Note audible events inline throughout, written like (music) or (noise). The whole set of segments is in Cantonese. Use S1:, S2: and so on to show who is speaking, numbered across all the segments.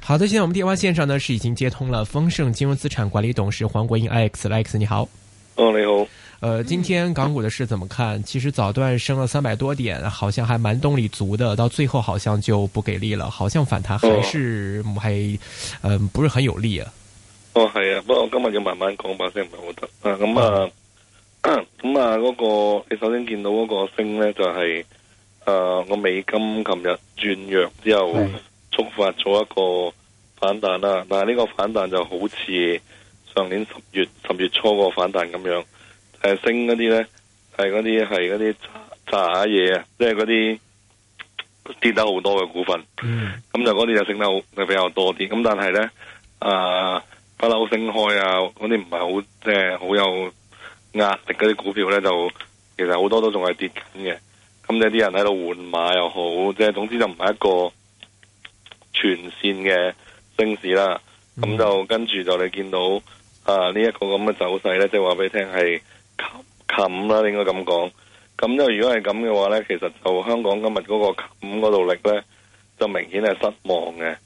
S1: 好的，現在我們電話線上呢是已經接通了豐盛金融資產管理董事黃國英 Alex，Alex 你好。哦，你好，呃，今天港股的事怎麼看？其實早段升了三百多點，好像還蠻動力足的，到最後好像就不給力了，好像反彈還是，哦、還，呃，不是很有力啊。哦
S2: 係啊，不過我今日要慢慢講把聲唔係好得啊，咁啊咁、嗯嗯、啊嗰、那個，你首先見到嗰個升呢，就係、是，呃、啊、我美金琴日轉弱之後。觸發做一個反彈啦，但係呢個反彈就好似上年十月十月初個反彈咁樣，係、就是、升嗰啲咧係嗰啲係嗰啲渣渣嘢啊，即係嗰啲跌得好多嘅股份，咁、嗯、就嗰啲就升得好比較多啲。咁但係咧，啊不嬲升開啊，嗰啲唔係好即係好有壓力嗰啲股票咧，就其實好多都仲係跌緊嘅。咁即啲人喺度換馬又好，即、就、係、是、總之就唔係一個。全線嘅升市啦，咁、嗯、就跟住就你見到啊、這個、這呢一個咁嘅走勢咧，即係話俾你聽係擒擒啦，應該咁講。咁因為如果係咁嘅話咧，其實就香港今日嗰個擒嗰度力咧，就明顯係失望嘅，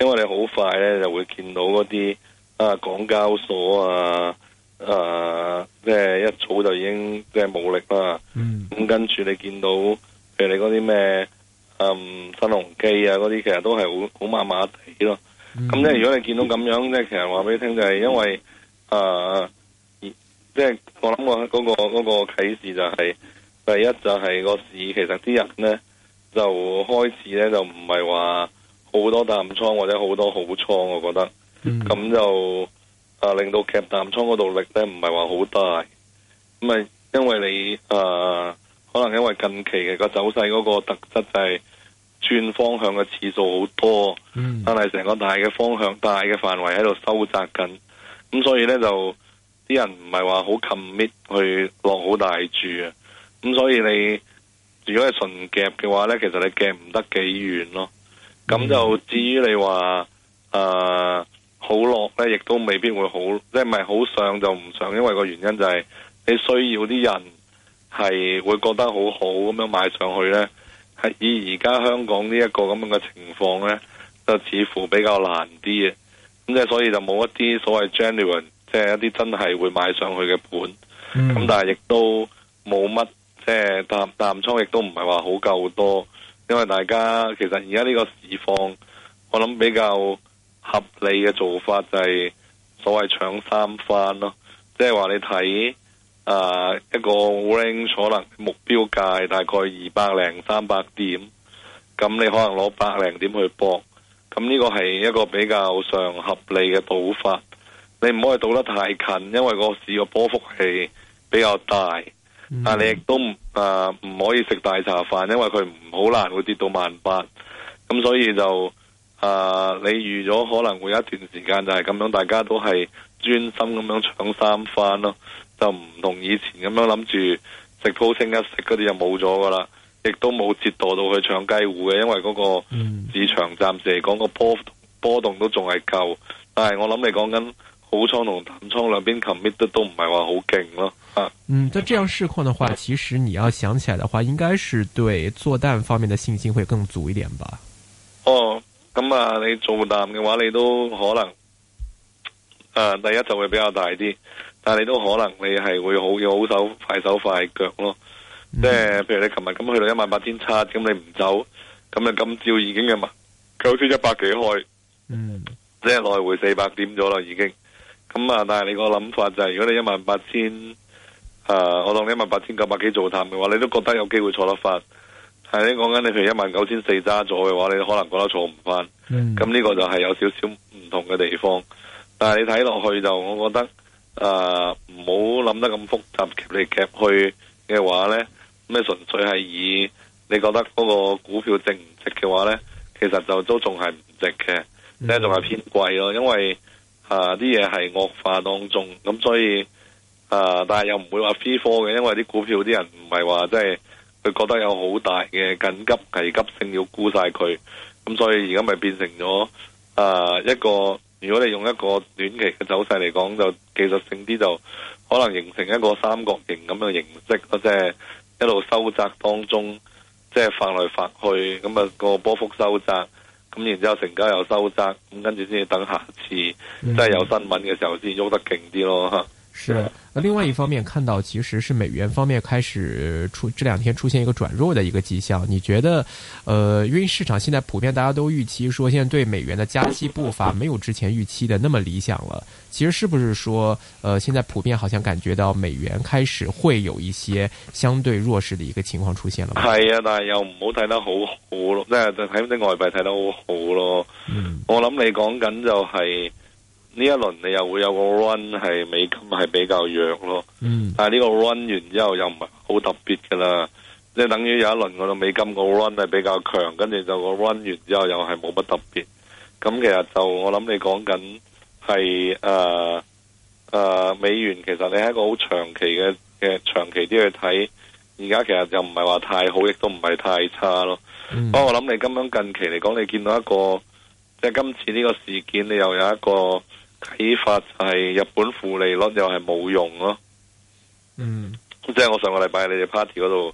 S2: 因為你好快咧就會見到嗰啲啊港交所啊啊即係、就是、一早就已經即係冇力啦。嗯，咁跟住你見到譬如你嗰啲咩？嗯，新鴻基啊那些，嗰啲其實都係好好麻麻地咯。咁、嗯、即係如果你見到咁樣，即係其實話俾你聽，就係、是、因為誒、呃，即係我諗我嗰個嗰、那個啟示就係、是，第一就係個市其實啲人咧就開始咧就唔係話好多淡倉或者好多好倉，我覺得，咁、嗯、就、呃、令到劇淡倉嗰度力咧唔係話好大，咁啊，因為你誒。呃可能因為近期嘅個走勢個特質就係、是、轉方向嘅次數好多，嗯、但係成個大嘅方向大嘅範圍喺度收窄緊，咁所以咧就啲人唔係話好 commit 去落好大注啊，咁所以你如果係純夾嘅話咧，其實你夾唔得幾遠咯。咁就至於你話誒、呃、好落咧，亦都未必會好，即係唔係好上就唔上，因為個原因就係、是、你需要啲人。係會覺得好好咁樣買上去呢，喺而而家香港呢一個咁樣嘅情況呢，就似乎比較難啲嘅。咁即係所以就冇一啲所謂 genuine，即係一啲真係會買上去嘅盤。咁、嗯、但係亦都冇乜，即、就、係、是、淡淡倉亦都唔係話好夠多。因為大家其實而家呢個市況，我諗比較合理嘅做法就係所謂搶三番咯，即係話你睇。啊，一個 range 可能目標價大概二百零三百點，咁你可能攞百零點去搏。咁呢個係一個比較上合理嘅賭法。你唔可以賭得太近，因為個市個波幅係比較大，但你亦都啊唔可以食大茶飯，因為佢唔好難會跌到萬八。咁所以就啊，你預咗可能會有一段時間就係咁樣，大家都係專心咁樣搶三番咯。就唔同以前咁樣諗住食高升一食嗰啲就冇咗噶啦，亦都冇折墮到去搶雞戶嘅，因為嗰個市場暫時嚟講個波波動都仲係夠，但係我諗你講緊好倉同淡倉兩邊 commit 都唔係話好勁咯。
S1: 啊，嗯，咁這樣市況的話，其實你要想起來的話，應該是對做淡方面的信心會更足一點吧？
S2: 哦，咁、嗯、啊、嗯，你做淡嘅話，你都可能，誒、呃，第一就會比較大啲。但係你都可能你係會好嘅，好手快手快腳咯。即係、嗯、譬如你琴日咁去到一萬八千七，咁你唔走，咁就今朝已經嘅嘛，佢好似一百幾開，嗯，即係來回四百點咗啦，已經咁啊。但係你個諗法就係、是，如果你一萬八千，誒，我當你一萬八千九百幾做探嘅話，你都覺得有機會坐得翻。係你講緊你譬如一萬九千四揸咗嘅話，你可能覺得坐唔翻。咁、嗯、呢個就係有少少唔同嘅地方。但係你睇落去就，我覺得。誒、啊，唔好諗得咁複雜，夾嚟夾去嘅話呢，咩純粹係以你覺得嗰個股票值唔值嘅話呢，其實就都仲係唔值嘅，即仲係偏貴咯，因為吓啲嘢係惡化當中，咁所以誒、啊，但係又唔會話非科嘅，因為啲股票啲人唔係話即係佢覺得有好大嘅緊急係急性要沽晒佢，咁所以而家咪變成咗誒、啊、一個。如果你用一個短期嘅走勢嚟講，就技術性啲就可能形成一個三角形咁嘅形式，即係一路收窄當中，即係發來發去，咁啊個波幅收窄，咁然之後成交又收窄，咁跟住先要等下次即係有新聞嘅時候先喐得勁啲咯。
S1: 是，那另外一方面，看到其實是美元方面開始出這兩天出現一個轉弱的一個跡象。你覺得，呃，因為市場現在普遍大家都預期說，現在對美元的加息步伐沒有之前預期的那麼理想了。其實是不是說，呃，現在普遍好像感覺到美元開始會有一些相對弱勢的一個情況出現了
S2: 嗎？係啊，但係又唔好睇得好好咯，即係就睇啲外幣睇得好好咯。嗯，我諗你講緊就係。呢一輪你又會有個 run 係美金係比較弱咯，嗯、但係呢個 run 完之後又唔係好特別噶啦，即係等於有一輪嗰度美金個 run 係比較強，跟住就個 run 完之後又係冇乜特別。咁其實就我諗你講緊係、呃呃、美元，其實你係一個好長期嘅嘅長期啲去睇，而家其實又唔係話太好，亦都唔係太差咯。不、嗯、過我諗你咁樣近期嚟講，你見到一個即係今次呢個事件，你又有一個。啟發就係日本負利率又係冇用咯，嗯，即係我上個禮拜你哋 party 嗰度，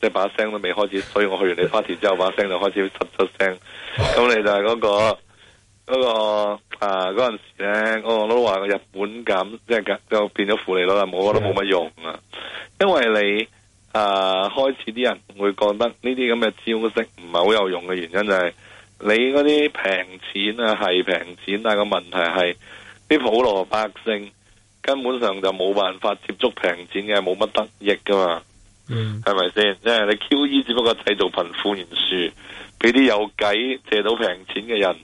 S2: 即係把聲都未開始，所以我去完你 party 之後把聲就開始出出聲，咁你就係嗰、嗰個嗰、嗰個啊嗰陣時咧，我我都話個日本咁，即係咁就變咗負利率，但我覺得冇乜用啊、嗯，因為你啊開始啲人會覺得呢啲咁嘅招式唔係好有用嘅原因就係、是、你嗰啲平錢啊係平錢啊個問題係。啲普羅百姓根本上就冇辦法接觸平錢嘅，冇乜得益噶嘛，嗯，係咪先？即係、就是、你 QE 只不過製造貧富懸殊，俾啲有計借到平錢嘅人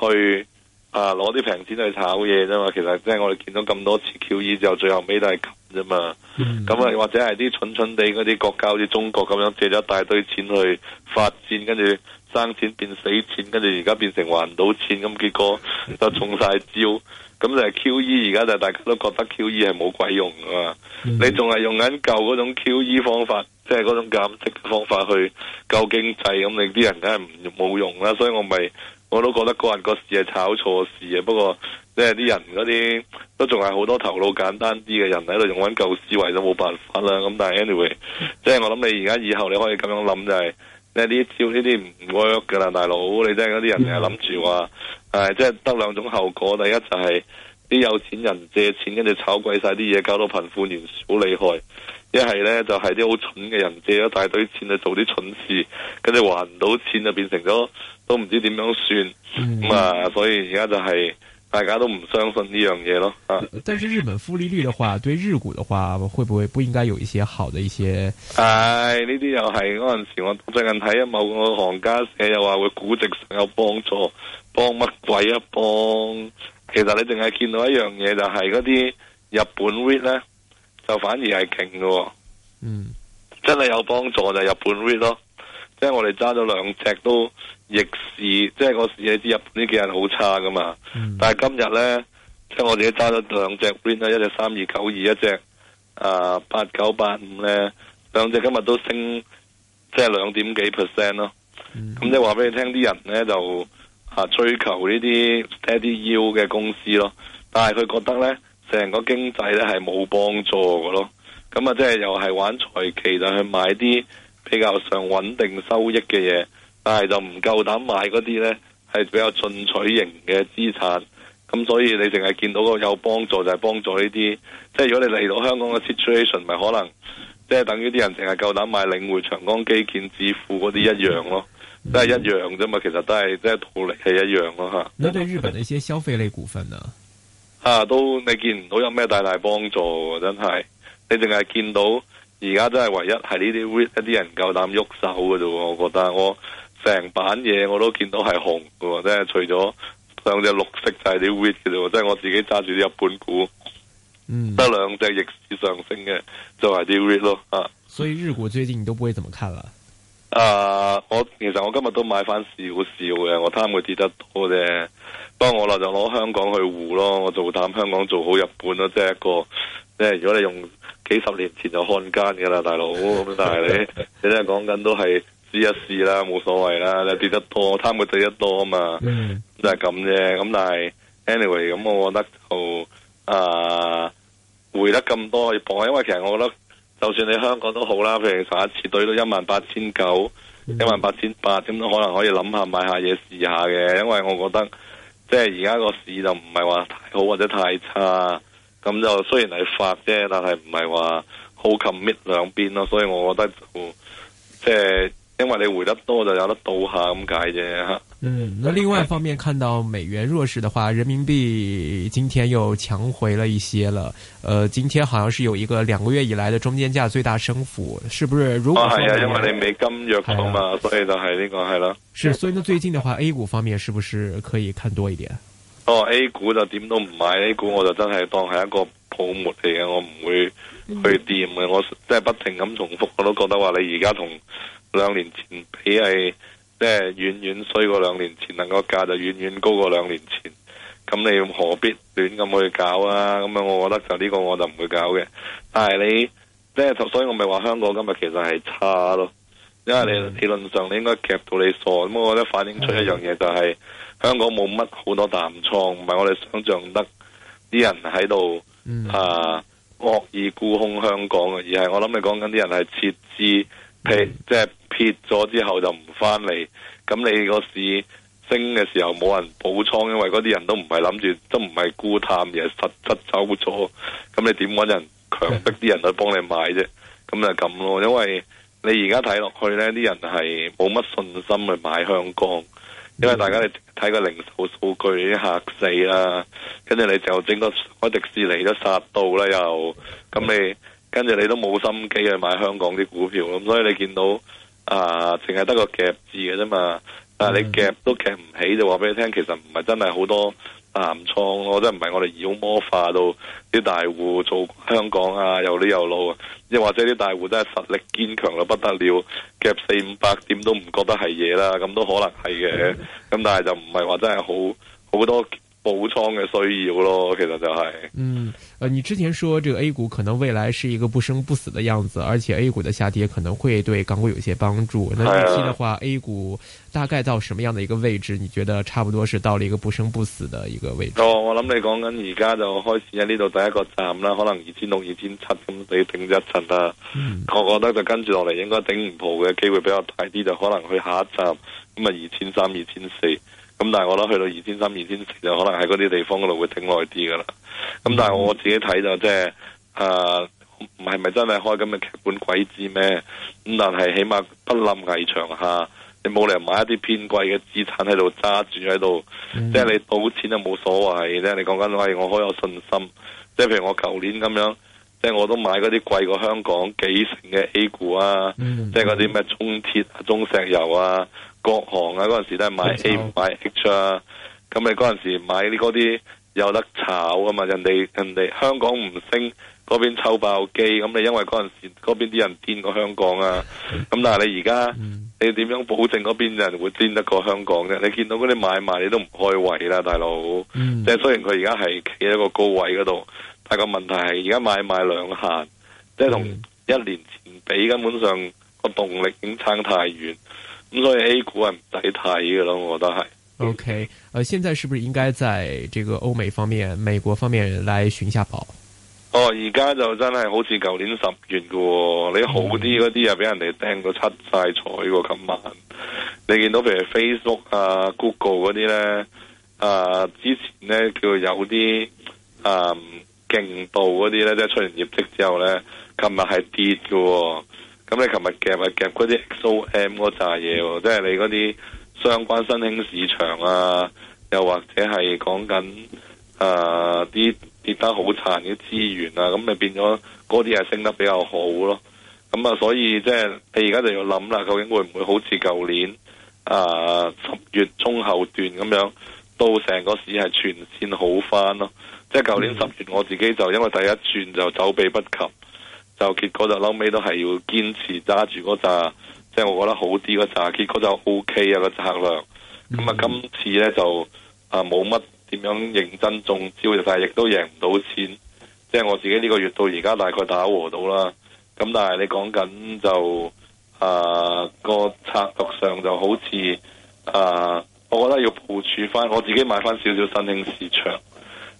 S2: 去啊，攞啲平錢去炒嘢啫嘛。其實即係我哋見到咁多次 QE，之後最後尾都係。啫、嗯、嘛，咁啊或者係啲蠢蠢地嗰啲國家，好似中國咁樣借咗一大堆錢去發展，跟住生錢變死錢，跟住而家變成還唔到錢，咁結果就中晒招。咁就係 QE，而家就大家都覺得 QE 係冇鬼用㗎嘛、嗯。你仲係用緊舊嗰種 QE 方法，即係嗰種減息嘅方法去救經濟，咁你啲人梗係唔冇用啦。所以我咪我都覺得嗰人個事係炒錯事啊。不過。即係啲人嗰啲都仲係好多頭腦簡單啲嘅人喺度用緊舊思維，都冇辦法啦。咁但係 anyway，即係我諗你而家以後你可以咁樣諗就係、是，呢啲招呢啲唔 work 噶啦，大佬。你即係嗰啲人係諗住話，即係得兩種後果。第一就係、是、啲有錢人借錢跟住炒貴晒啲嘢，搞到貧富懸殊好厲害；一係咧就係啲好蠢嘅人借咗大堆錢去做啲蠢事，跟住還唔到錢就變成咗都唔知點樣算。咁、嗯嗯、啊，所以而家就係、是。大家都唔相信呢樣嘢咯，
S1: 啊！但係日本負利率嘅話，對日股嘅話，會唔會不應該有一些好嘅一些？
S2: 係呢啲又係嗰陣時，我最近睇啊某個行家寫又話會估值，上有幫助，幫乜鬼啊幫？其實你淨係見到一樣嘢就係嗰啲日本 REIT 呢，就反而係勁㗎，嗯，真係有幫助就日本 REIT 咯，即係我哋揸咗兩隻都。逆市即係我睇日本呢幾日好差噶嘛。嗯、但係今日呢，即係我哋都揸咗兩隻，一隻三二九二，一隻啊八九八五呢，兩隻今日都升，即係兩點幾 percent 咯。咁、嗯、即係話俾你聽，啲人呢就啊追求呢啲 steady yield 嘅公司咯，但係佢覺得呢，成個經濟呢係冇幫助嘅咯。咁啊，即係又係玩財期就去買啲比較上穩定收益嘅嘢。但係就唔夠膽買嗰啲呢，係比較進取型嘅資產，咁所以你淨係見到個有幫助就係幫助呢啲，即係如果你嚟到香港嘅 situation，咪可能即係等於啲人淨係夠膽買領匯、長江基建、置富嗰啲一樣咯，都係一樣啫嘛，其實都係即係套力係一樣咯吓。
S1: 那對日本嘅一些消費類
S2: 股份呢？啊，都你見唔到有咩大大幫助，真係你淨係見到而家都係唯一係呢啲一啲人夠膽喐手嘅啫，我覺得我。成版嘢我都見到係紅嘅，即係除咗兩隻綠色就係啲 red 嘅咯，即係我自己揸住啲日本股，得、嗯、兩隻有兩隻逆市上升嘅就係啲 red 咯啊！
S1: 所以日股最近你都不會怎麼看啦？
S2: 啊，我其實我今日都買翻少少嘅，我貪佢跌得多啫。不過我啦就攞香港去護咯，我就做淡香港做好日本咯，即係一個即係如果你用幾十年前就看奸噶啦，大佬咁 (laughs) 但係你你真係講緊都係。試一試啦，冇所謂啦。你跌得多，貪佢跌得多啊嘛。Mm-hmm. 就係咁啫。咁但係，anyway，咁我覺得就啊，回得咁多可以搏。因為其實我覺得，就算你香港都好啦，譬如上一次對到一萬八千九，一萬八千八，點都可能可以諗下買下嘢試下嘅。因為我覺得，即係而家個市就唔係話太好或者太差。咁就雖然係發啫，但係唔係話好 commit 兩邊咯。所以我覺得就即係。就是因為你回得多就有得倒下咁解啫。
S1: 嗯，那另外方面，看到美元弱勢的話，人民幣今天又強回了一些了。呃，今天好像是有一個兩個月以來的中間價最大升幅，是不是？如果係啊，啊，因為你美
S2: 金弱到嘛，所以就係呢、這個係啦
S1: 是、啊、是，所以呢最近的話，A 股方面是不是可以看多一點？
S2: 哦，A 股就點都唔買，A 股我就真係當係一個泡沫嚟嘅，我唔會去掂嘅、嗯，我即係不停咁重複，我都覺得話你而家同。兩年前比係即係遠遠衰過兩年前，能夠價就遠遠高過兩年前。咁你何必亂咁去搞啊？咁啊，我覺得就呢個我就唔會搞嘅。但係你即係，所以我咪話香港今日其實係差咯。因為你，嗯、理論上你應該夾到你傻。咁我覺得反映出一樣嘢就係，是嗯、香港冇乜好多淡倉，唔係我哋想象得啲人喺度，嗯、啊惡意沽空香港嘅，而係我諗你講緊啲人係設置，嗯、譬如即係。就是撇咗之後就唔返嚟，咁你個市升嘅時候冇人補倉，因為嗰啲人都唔係諗住，都唔係沽探，而係實質走咗。咁你點搵人強迫啲人去幫你買啫？咁就咁咯。因為你而家睇落去呢，啲人係冇乜信心去買香港，因為大家你睇個零售數據已經嚇死啦，跟住你就整多個迪士尼都殺到啦又，咁你跟住你都冇心機去買香港啲股票，咁所以你見到。啊，淨係得個夾字嘅啫嘛，但係你夾都夾唔起，就話俾你聽，其實唔係真係好多難創咯，即係唔係我哋妖魔化到啲大戶做香港啊，又呢又老，又或者啲大戶真係實力堅強到不得了，夾四五百點都唔覺得係嘢啦，咁都可能係嘅，咁但係就唔係話真係好好多。補倉嘅需要咯，其實就係、
S1: 是，嗯，誒、呃，你之前說這個 A 股可能未來是一個不生不死的樣子，而且 A 股的下跌可能會對港股有些幫助。那預期的話、啊、，A 股大概到什麼樣的一個位置？你覺得差不多是到了一個不生不死的一個位
S2: 置？哦，我諗你講緊而家就開始喺呢度第一個站啦，可能二千六、二千七咁，你頂一層啦。我覺得就跟住落嚟應該頂唔破嘅機會比較大啲，就可能去下一站咁啊，二千三、二千四。咁但係我諗去到二千三、二千四就可能喺嗰啲地方嗰度會頂耐啲噶啦。咁但係我自己睇就即、是、係，誒、嗯啊，係咪真係開咁嘅劇本鬼知咩？咁但係起碼不立危牆下，你冇理由買一啲偏貴嘅資產喺度揸住喺度，即、嗯、係你賭錢就冇所謂。即係你講緊、哎、我我好有信心，即係譬如我舊年咁樣。即係我都買嗰啲貴過香港幾成嘅 A 股啊，嗯、即係嗰啲咩中鐵啊、嗯、中石油啊、國航啊，嗰陣時都係買 A、買 H 啊。咁你嗰陣時買啲嗰啲有得炒啊嘛，人哋人哋香港唔升，嗰邊抽爆機，咁你因為嗰陣時嗰邊啲人癲過香港啊。咁、嗯、但係你而家、嗯、你點樣保證嗰邊人會癲得過香港啫？你見到嗰啲買賣你都唔開胃啦，大佬、嗯。即係雖然佢而家係企喺一個高位嗰度。但個問題係而家買賣兩限，即係同一年前比，根本上個動力已經差太遠，咁所以 A 股係唔使睇嘅咯，我覺得係。
S1: O K，誒，現在是不是應該在這個歐美方面、美國方面來尋下寶？
S2: 哦，而家就真係好似舊年十月嘅、哦，你好啲嗰啲啊，俾人哋掟到七晒彩嘅、哦，今晚你見到譬如 Facebook 啊、Google 嗰啲呢，啊，之前呢叫有啲嗯。啊勁度嗰啲咧，即係出完業績之後咧，琴日係跌嘅，哦。咁你琴日夾咪夾嗰啲 XOM 嗰扎嘢喎，即係你嗰啲相關新興市場啊，又或者係講緊啊啲跌得好殘嘅資源啊，咁咪變咗嗰啲係升得比較好咯。咁咪，所以即係你而家就要諗啦，究竟會唔會好似舊年啊呃，十月中後段咁樣，到成個市係全線好返咯？即係舊年十月，我自己就因為第一轉就走避不及，就結果就後尾都係要堅持揸住嗰扎，即係我覺得好啲個扎，結果就 OK 啊個策略。咁啊，今次呢就啊冇乜點樣認真中招，但係亦都贏唔到錢。即係我自己呢個月到而家大概打和到啦。咁但係你講緊就啊個策略上就好似啊，我覺得要部署翻，我自己買翻少少新興市場。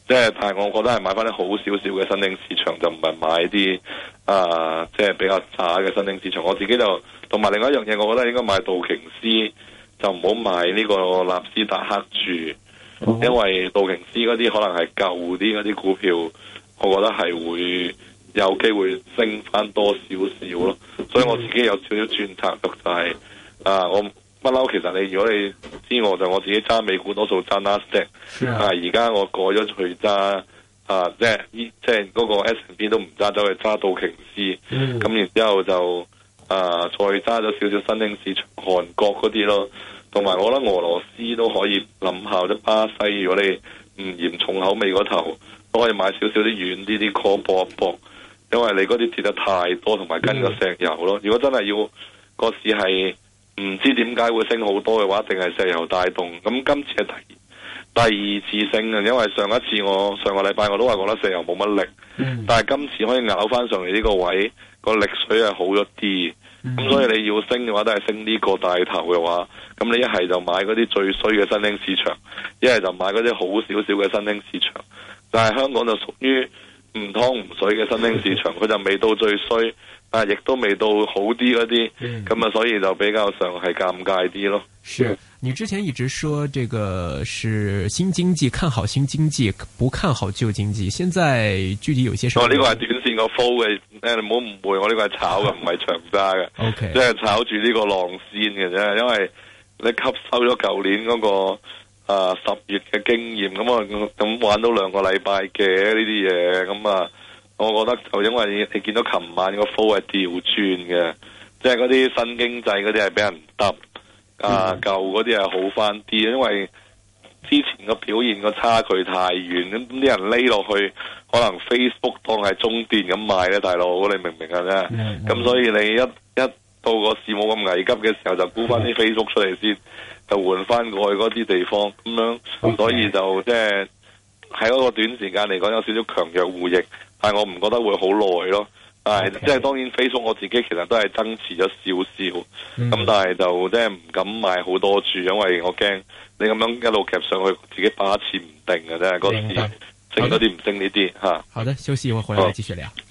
S2: 即係，但係我覺得係買翻啲好少少嘅新興市場，就唔係買啲啊，即係比較渣嘅新興市場。我自己就同埋另外一樣嘢，我覺得應該買道瓊斯，就唔好買呢個納斯達克住，哦，因為道瓊斯嗰啲可能係舊啲嗰啲股票，我覺得係會有機會升翻多少少咯。所以我自己有少少轉策略就係啊，我。不嬲，其實你如果你知我，就我自己揸美股，多數揸納斯達克。啊，而家我改咗去揸啊，即係依即係嗰個 S&P 都唔揸，走去揸道瓊斯。咁、mm. 然之後就啊，再揸咗少少新興市場、韓國嗰啲咯。同埋我覺得俄羅斯都可以諗下，或者巴西。如果你唔嫌重口味嗰頭，都可以買少少啲遠啲啲殼搏一搏，因為你嗰啲跌得太多，同埋跟個石油咯。Mm. 如果真係要、這個市係，唔知點解會升好多嘅話，一定係石油帶動？咁今次係第二次第二次升啊！因為上一次我上個禮拜我都話覺得石油冇乜力，嗯、但係今次可以咬翻上嚟呢個位，個力水係好咗啲。咁所以你要升嘅話，都係升呢個帶頭嘅話，咁你一係就買嗰啲最衰嘅新興市場，一係就買嗰啲好少少嘅新興市場。但係香港就屬於唔湯唔水嘅新興市場，佢、嗯、就未到最衰。啊，亦都未到好啲嗰啲，咁、嗯、啊，所以就比較上係尷尬啲咯。
S1: 是你之前一直說這個是新經濟，看好新經濟，不看好舊經濟。現在具體有些什麼、這個？我呢個係
S2: 短線個波嘅，你唔好誤會我呢個係炒嘅，唔係長揸嘅。O K，即係炒住呢個浪線嘅啫，因為你吸收咗舊年嗰、那個誒十、呃、月嘅經驗，咁啊咁玩到兩個禮拜嘅呢啲嘢，咁啊。我覺得就因為你見到琴晚個 flow 係調轉嘅，即係嗰啲新經濟嗰啲係俾人揼，啊舊嗰啲係好翻啲，因為之前個表現個差距太遠，咁啲人匿落去可能 Facebook 當係中電咁買咧，大佬，你明唔明啊？咁所以你一一到個事冇咁危急嘅時候，就沽翻啲 Facebook 出嚟先，就換翻過去嗰啲地方，咁樣，okay. 所以就即係喺嗰個短時間嚟講有少少強弱互逆。但係我唔覺得會好耐咯，係、okay. 即係當然 Facebook 我自己其實都係增持咗少少，咁、嗯、但係就即係唔敢買好多注，因為我驚你咁樣一路夾上去自己把持唔定嘅啫。嗰時剩一些不升嗰啲唔升呢啲吓。
S1: 好的，稍息，我回來繼續聊。嗯